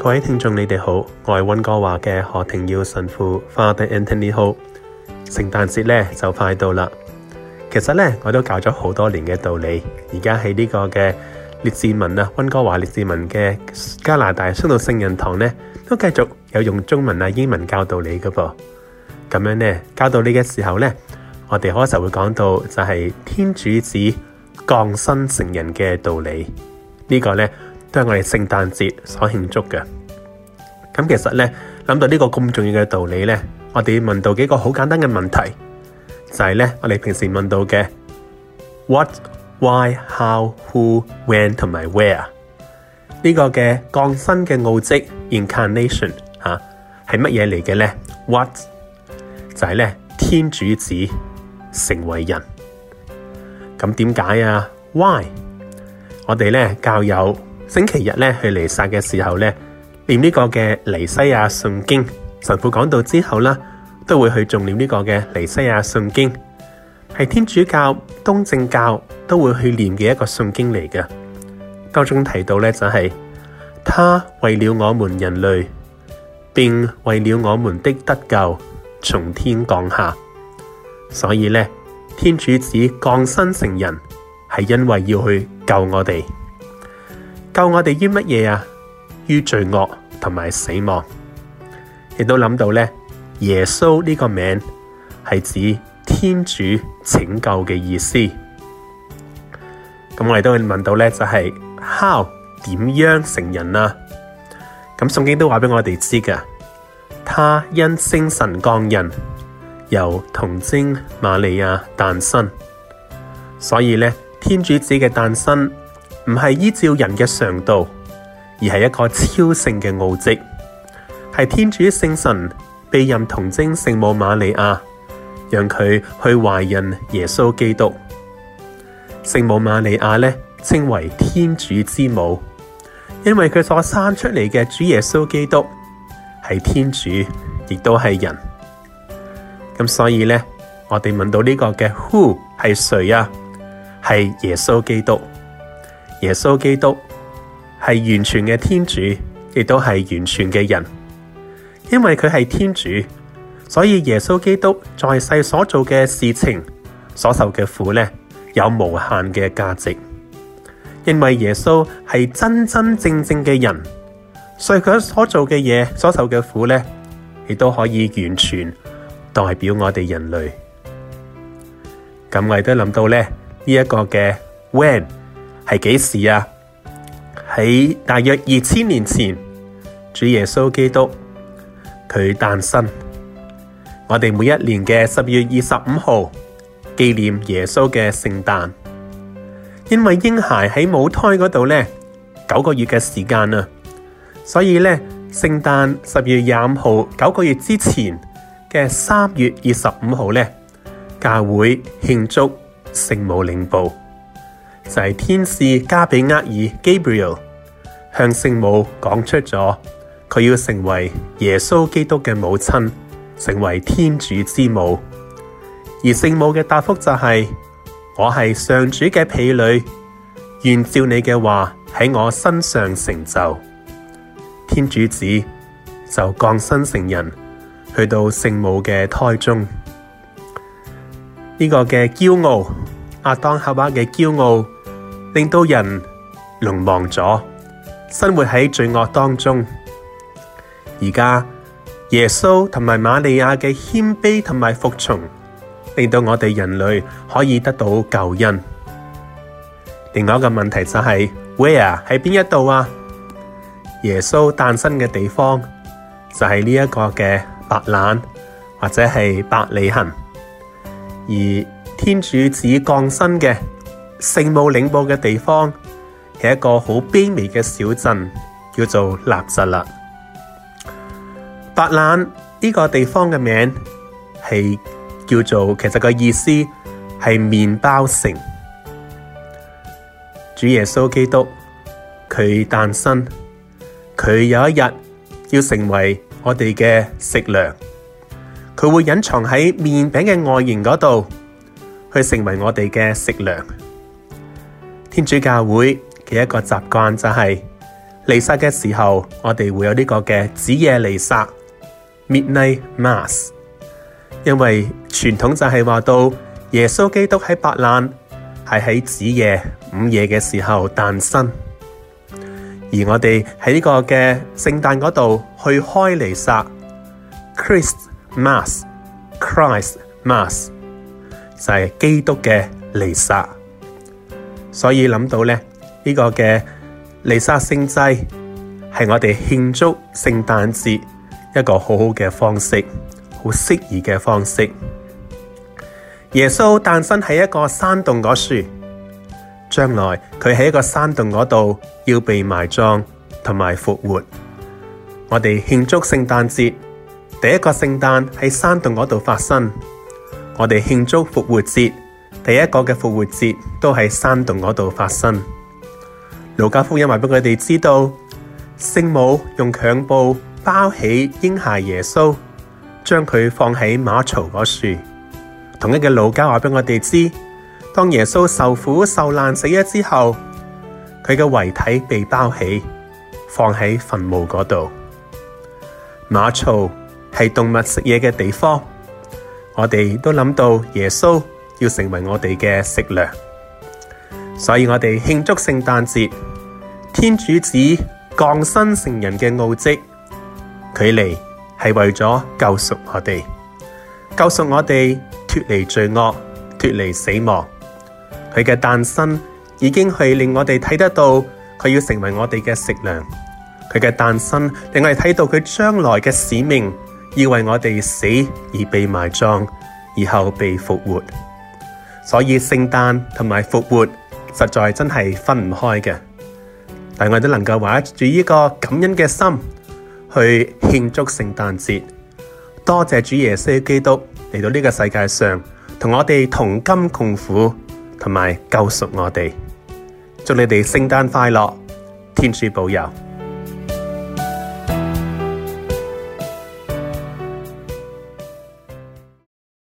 各位聽眾，你哋好，我係溫哥華嘅何庭耀神父，Father Anthony Ho。聖誕節咧就快到啦，其實咧我都教咗好多年嘅道理，而家喺呢個嘅列治文啊，溫哥華列治文嘅加拿大殉道聖人堂咧都繼續有用中文啊、英文教道理噶噃。咁樣咧教道理嘅時候咧，我哋開始會講到就係天主子降生成人嘅道理，這個、呢個咧。都係我哋聖誕節所慶祝的。咁其實呢，諗到呢個咁重要嘅道理呢，我哋要問到幾個好簡單嘅問題，就係呢：我哋平時問到嘅 what、why、how、who、when 同埋 where 呢個嘅降生嘅奧迹 incarnation 吓、啊、係乜嘢嚟嘅呢？What 就係呢，天主子成為人。咁點解啊？Why 我哋呢教友，星期日去彌撒嘅時候呢，念呢個嘅尼西亞信經，神父講到之後呢都會去重念呢個嘅尼西亞信經，係天主教、東正教都會去念嘅一個信經嚟嘅。當中提到呢就係他為了我們人類，並為了我們的得救，從天降下。所以呢，天主子降生成人，係因為要去救我哋。救我哋於乜嘢啊？於罪惡同埋死亡，亦都諗到咧，耶穌呢個名係指天主拯救嘅意思。咁我哋都問到咧、就是，就係 how 點樣成人啊？咁聖經都話俾我哋知嘅，他因聖神降孕，由童貞瑪利亞誕生。所以咧，天主子嘅誕生。唔係依照人嘅常道，而係一個超聖嘅奧迹，係天主聖神被任童貞聖母瑪利亞，讓佢去懷孕耶穌基督。聖母瑪利亞咧稱為天主之母，因為佢所生出嚟嘅，主耶穌基督係天主，亦都係人。咁所以咧，我哋問到呢個嘅 who 係誰啊？係耶穌基督。耶穌基督係完全嘅天主，亦都係完全嘅人。因為佢係天主，所以耶穌基督在世所做嘅事情，所受嘅苦呢，有無限嘅價值。因為耶穌係真真正正嘅人，所以佢所做嘅嘢，所受嘅苦呢，亦都可以完全代表我哋人類。咁我亦都諗到呢一、這個嘅 when。係幾時啊？喺大約二千年前，主耶穌基督佢誕生。我哋每一年嘅十月二十五號紀念耶穌嘅聖誕。因為嬰孩喺母胎嗰度呢九個月嘅時間啊，所以呢聖誕十月二十五號九個月之前嘅三月二十五號呢，教會慶祝聖母領報。就係天使加比厄爾 （Gabriel） 向聖母講出咗佢要成為耶穌基督嘅母親，成為天主之母。而聖母嘅答覆就係：我係上主嘅婢女，願照你嘅話喺我身上成就。天主子就降生成人，去到聖母嘅胎中。呢個嘅驕傲，亞當夏娃嘅驕傲。令到人淪亡咗，生活喺罪惡當中。而家耶穌同埋瑪利亞嘅謙卑同埋服從，令到我哋人類可以得到救恩。另外一個問題就係、是、where 喺邊一度啊？耶穌誕生嘅地方就係呢一個嘅白蘭或者係伯利恆，而天主子降生嘅。聖母領報嘅地方是一個好卑微嘅小鎮，叫做納匝肋。白冷呢個地方嘅名係叫做，其實個意思是麵包城。主耶穌基督佢誕生，佢有一日要成為我哋嘅食糧，佢會隱藏喺麵餅嘅外形嗰度，去成為我哋嘅食糧。天主教會嘅一個習慣就係彌撒嘅時候，我哋會有呢個嘅子夜彌撒 （Midnight Mass）。因為傳統就係話到耶穌基督喺白蘭係喺子夜午夜嘅時候誕生，而我哋喺呢個嘅聖誕嗰度去開彌撒 （Christ Mass）。Christmas 就係基督嘅彌撒。所以諗到咧，呢、這個嘅彌撒聖祭係我哋慶祝聖誕節一個好好嘅方式，好適宜嘅方式。耶穌誕生喺一個山洞嗰樹，將來佢喺一個山洞嗰度要被埋葬同埋復活。我哋慶祝聖誕節，第一個聖誕喺山洞嗰度發生，我哋慶祝復活節。第一個嘅復活節都喺山洞嗰度發生。路加福音話俾佢哋知道，聖母用襁褓包起嬰孩耶穌，將佢放喺馬槽嗰樹。同一嘅路加話俾我哋知，當耶穌受苦受難死咗之後，佢嘅遺體被包起，放喺墳墓嗰度。馬槽係動物食嘢嘅地方，我哋都諗到耶穌。要成為我哋嘅食糧，所以我哋慶祝聖誕節。天主子降生成人嘅奧蹟，佢嚟係為咗救贖我哋，救贖我哋脫離罪惡，脫離死亡。佢嘅誕生已經係令我哋睇得到佢要成為我哋嘅食糧。佢嘅誕生令我哋睇到佢將來嘅使命，要為我哋死而被埋葬，而後被復活。所以聖誕同埋復活實在真係分唔開嘅，但我哋都能夠懷着呢個感恩嘅心去慶祝聖誕節。多謝主耶穌基督嚟到呢個世界上，我們同我哋同甘共苦，同埋救贖我哋。祝你哋聖誕快樂，天主保佑。